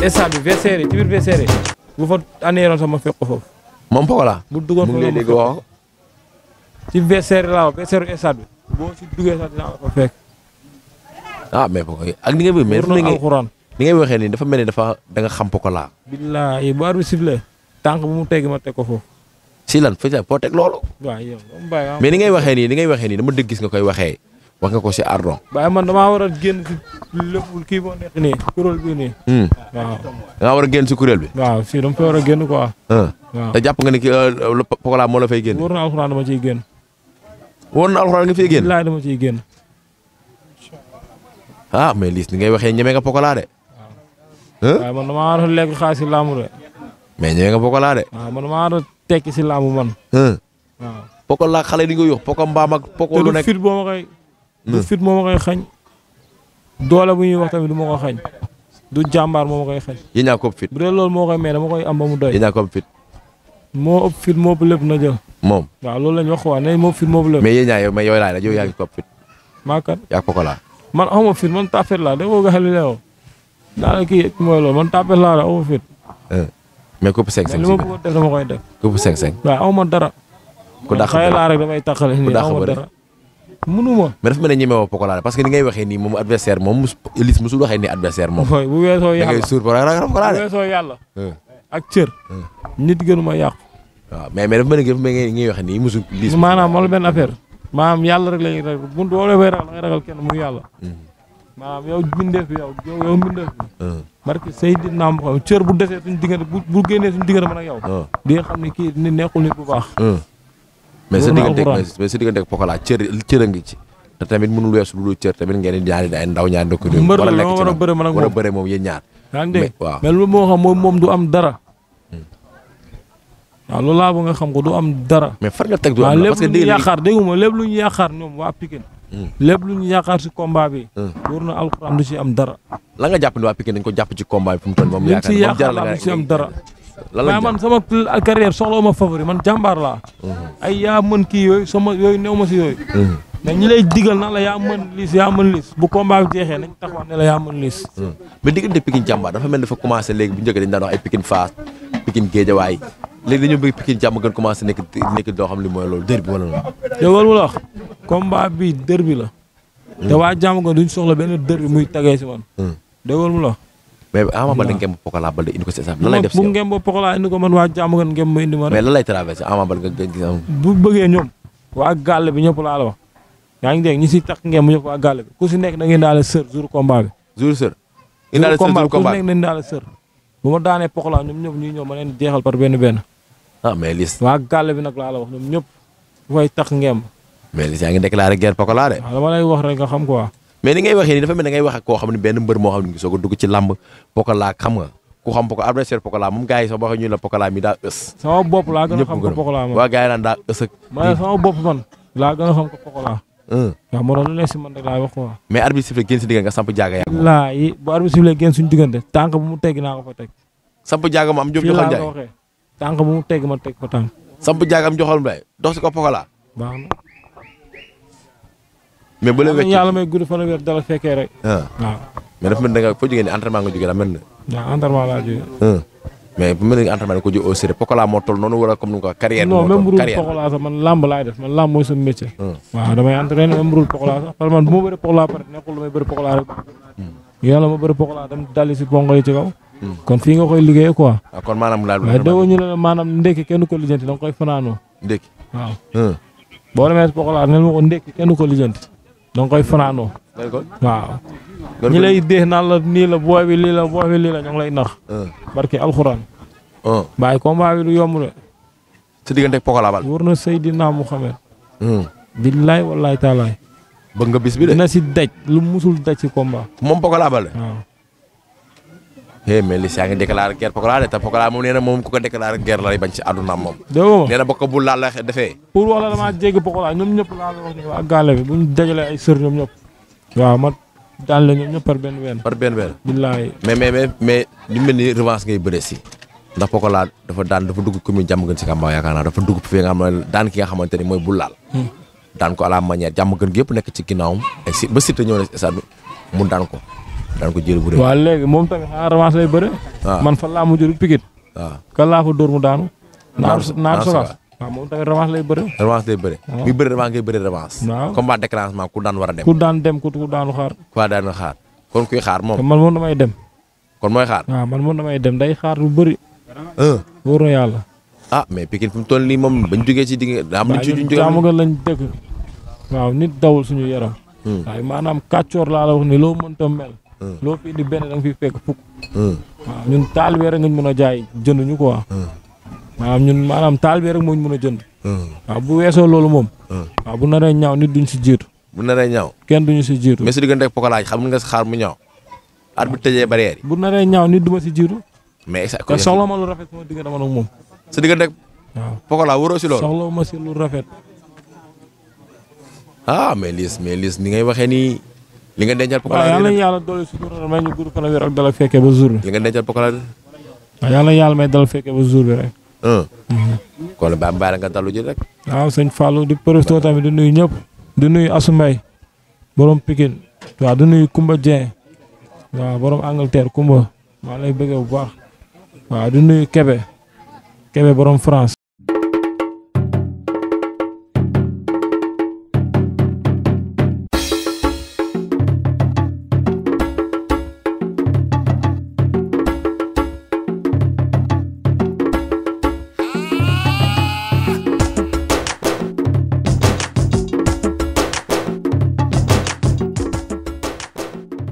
estade bi VCR ci biir VCR bu fa année yoon sama fekk ko foofu. moom Pokola. bu duggoon ci vestiaire laa vestiaire stade bi boo si duggee sax dinaa la ko fekk. Ah, ak ni nga bëgg mais ni ni nii dafa mel ni dafa da nga xam pokola. billaahi bu arbitre sifflé tànk bi mu teg ma teg ko foofu. si lan fëy boo teg loolu. Ah. mais ni ngay waxee nii ni ngay waxee nii dama dëgg gis nga koy waxee. wax nga ko si Ardon. waaye man damaa war a génn si lépp kii boo nekk nii kuréel bi nii. Hmm. waaw war a génn si kurel bi. waaw si dama fa war a génn ko ah. waaw te jàpp nga ni ki euh, Pokola moo la fay génn. wóor na génn. woon na alxuraan nga fee génn. laay dama ciy génn. ah mais liis ni ngay waxee ñeme nga laa de. waaw man damaa war a lekk mais ñeme nga Pokola de. waaw man tekki si laamu man. waaw Pokola xale di nga yox Poko mbaam Poko lu nekk du hmm? fit koy. moo ma koy xañ. doole bu ñuy wax tamit du ma ko xañ. du jàmbaar moo ma koy xañ. yéen ñaa ko fit. bu dee loolu moo koy mais dama koy am ba mu doy. moo ëpp fit moo ëpp lépp na jël. moom waaw loolu la ñu wax waaw ne moo ëpp fit moo ëpp lépp. mais yéen ñaa yow mais yow laay la yow yaa ngi ko ëpp fit. maa kat yaa ko ko laa. man awma fit man tapet laa da nga ko ma eh, bëggoon def dama koy dara. ku dàq xëy laa rek damay tàqale nii awma dara. mënuma mais dafa mel ne ñemewoo Pokola parce que ni ngay waxee nii moom adversaire moom mus bu weesoo yàlla eh. ak cër. Hmm. nit gënuma yaq wa mais mais dafa mëna gëf que ngi wax ni mosul. lis manam moom la benn affaire manam yalla rek la rek bu do koy ragal nga ragal kenn mu yalla manam hmm. yow bindef yow yow yow bindef bi. Hmm. barke Seydina Muhammad cër bu desee suñu diggante bu gënné suñu diggante man ak yow. di nga xamni ki ni neexul nekkul nit bu baax. mais sa diggante mais sa diggante Pokola cër cër nga ci. da tamit mënul wess lu cër tamit ngeen di ñaari ay ndaw ñaari dëkk. mbër la ma war bëre man yeen ñaar. yaa mais xam mom du am dara waaw loolu laa nga xam ko du am dara. mais far nga tek du am parce que lépp yaakar ñu yaakaar dégg nga lépp lu ñu yaakaar ñoom waa Pikine. Hmm. lépp lu ñu yaakaar combat bi. Hmm. wóor na alxuraan du ci am dara. la nga japp ni wa Pikine dañ ko japp ci combat bi fu mu ton mom yaakar mom jaral la si am dara. la la man sama carrière solo ma favori man jambar la hmm. ay ya man ki yoy sama yoy néew ma si yooyu. mais ñi lay diggal na la ya man liis ya man liis bu combat bi jexé nañ taxaw ne la ya man liis. mais diggal de Pikine jambar dafa mel dafa commencer légui bu njëkk dañ da wax ay Pikine Fass Pikine Géejawaay léegi dañoo bëgg Pikine jàmm gën commencé nekk nekk li mooy loolu derby wala la. yow loolu la wax combat bi derby la. te waa jàmm gën duñ soxla benn derby muy tagee si man. Hmm. déggoo mu la. mais def si bu ngeen ba Pokola indi ko man waa jàmm gën ngeen ma indi ma. bu bëggee ñoom waa gàll bi ñëpp laa la wax yaa ngi ñu si takk ngeen mu ñëpp waa gàll bi ku si nekk da ngeen daal sër jour combat bi. jour sër. indaale sër jour combat ku si nekk dañ daal ma daanee Pokola ñoom ñëpp ñuy ñëw ma leen jeexal par benn benn ah melis Liss waa gàll bi nag laa la wax ñoom ñëpp dafay tax ngeem. mais Liss yaa ngi déclaré guerre Pokola de. waaw dama lay wax rek nga xam quoi. mais ni ngay waxee nii dafa mel ni ngay wax ak koo xam ne benn mbër moo xam ne soo ko dugg ci làmb Pokola xam nga ku xam Pokola adversaire Pokola moom gars So sax boo xam ñu la Pokola mi daa ës. sama bopp laa gën a xam ko Pokola moom waa gars yi naan ak. ma sama bopp man laa gën xam ko Pokola. waaw moo doon lu nekk man rek wax quoi. mais arbitre sifflé génn si diggante samp jaaga yaa laa yi bu arbitre sifflé génn suñu diggante tànk bu mu tegg naa ko fa teg. samp jaaga mu am jom joxal jaay tànk bu mu teg ma teg ko tànk. samp jaagam joxoon mbay dox si ko pokola. baax na. mais bu la wéccee yàlla may da ah. nga foo jógee nii entraînement nga jógee la mel na. waaw entraînement laa jógee. Ah. mais bu mel ni entraînement da ko jógee au sérieux pokola moo toll noonu wala comme ni ko carrière. moo toll carrière non même sax man làmb laay def man làmb mooy sama métier. Ah. waaw damay entraîné même bu dul sax parce man bu ma bëri pokola pare nekkul lu may bëri pokola rek. Hmm. yàlla dali si bongo yi kon fii nga koy liggéeyee quoi. waaw ah, kon maanaam laal waaye déggoo ñu ne maanaam ndékki kenn ko boo demee si Pokola ne ma ko ndékki kenn ko lijjanti da nga koy fanaanoo. waaw. ñi lay dee naan la nii la booy bi lii la booy bi lii la ñu ngi lay nax. barki alxuraan. waaye combat bi du yomb de. sa diggante ak Pokola Bal. wóor na Seydina Mouhamed. billaay wallaay taalaay. bëgg nga bis bi de. dina si daj lu musul daj si combat. moom Pokola he meli sa nga déclarer guerre Pokola ta Pokola mom neena mom ku ko déclarer guerre lay bañ ci aduna mom neena bako bu la la defé pour wala dama djégg Pokola ñom isir la wax ni wa galé bi buñ dajalé ay sœur ñom ñep wa ma dal la ñom ñep par ben wèr par ben wèr billahi mais mais mais mais ñu melni revanche ngay bëre ci ndax Pokola dafa daan dafa dugg commune jam gën ci kamba dafa dugg fi nga daan ki nga xamanteni moy bu laal daan ko ala manière jam gën gep nek ci ginaawum ba site na mu daan ko dan ko jël bu rek wa légui mom tam en revanche lay bëre. Ah. man fa la mu jël pikit ah. ka la fa dóor mu daanu. naar naar soraas waaw moom tamit revanche lay bëre. revanche lay bëre. waaw ah. muy bëre revanche ngay bëre revanche. combat déclenchement ku daan wara dem. ku daan dem ku daanu xaar. ku daanu xaar kon kuy xaar mom man mom damay dem. kon moy xaar. waaw man mom damay dem day xaar lu bëri. euh na yalla ah mais Pikine fi ton li mom bañ jógee ci digg am nañ ci. am nga lañ dëkk. waaw nit dawul suñu yaram. Hmm. waaye maanaam kàccoor laa la wax ni lo mën ta mel. Hmm. lo fi indi ben dang fi fek fuk hmm. waaw ñun taalibe rek ngeen mëna jaay jënd ñu quoi. Hmm. maanaam ñun manam taalibe rek moñ mëna jënd. waaw bu wéso lolu mom waaw bu naree ñaaw nit duñ ci jitu bu naree ñaaw kenn duñ ci jitu mais su diggante ak pokalaaj xam nga xaar mu ñaaw. at bi tëjee barrière bu naree ñaaw nit duma ci jitu jiitu. mais ko solo ma lu rafet mo diggante man ak mom su diggante ak. pokala pokalaaj ci lolu solo ma ci lu rafet. ah mais Liss mais Liss ni ngay waxee ni li nga dencal Pokola waaw yal na yàlla dolli sutura may ñu gudd fan ak wér dala fekkee ba jour bi. li nga dencal Pokola. waaw yal na may dala fekkee ba jour bi rek. Mhm. kon ba mbaare nga dalu rek. waaw sëñ Fallou di profité tamit di nuyu ñëpp. di nuyu Assou Mbaye borom Pikine. waaw di nuyu Kumba Dieng. waaw borom Angleterre Kumba. maa lay bëggee bu baax. waaw di nuyu Kebe. Kebe borom France.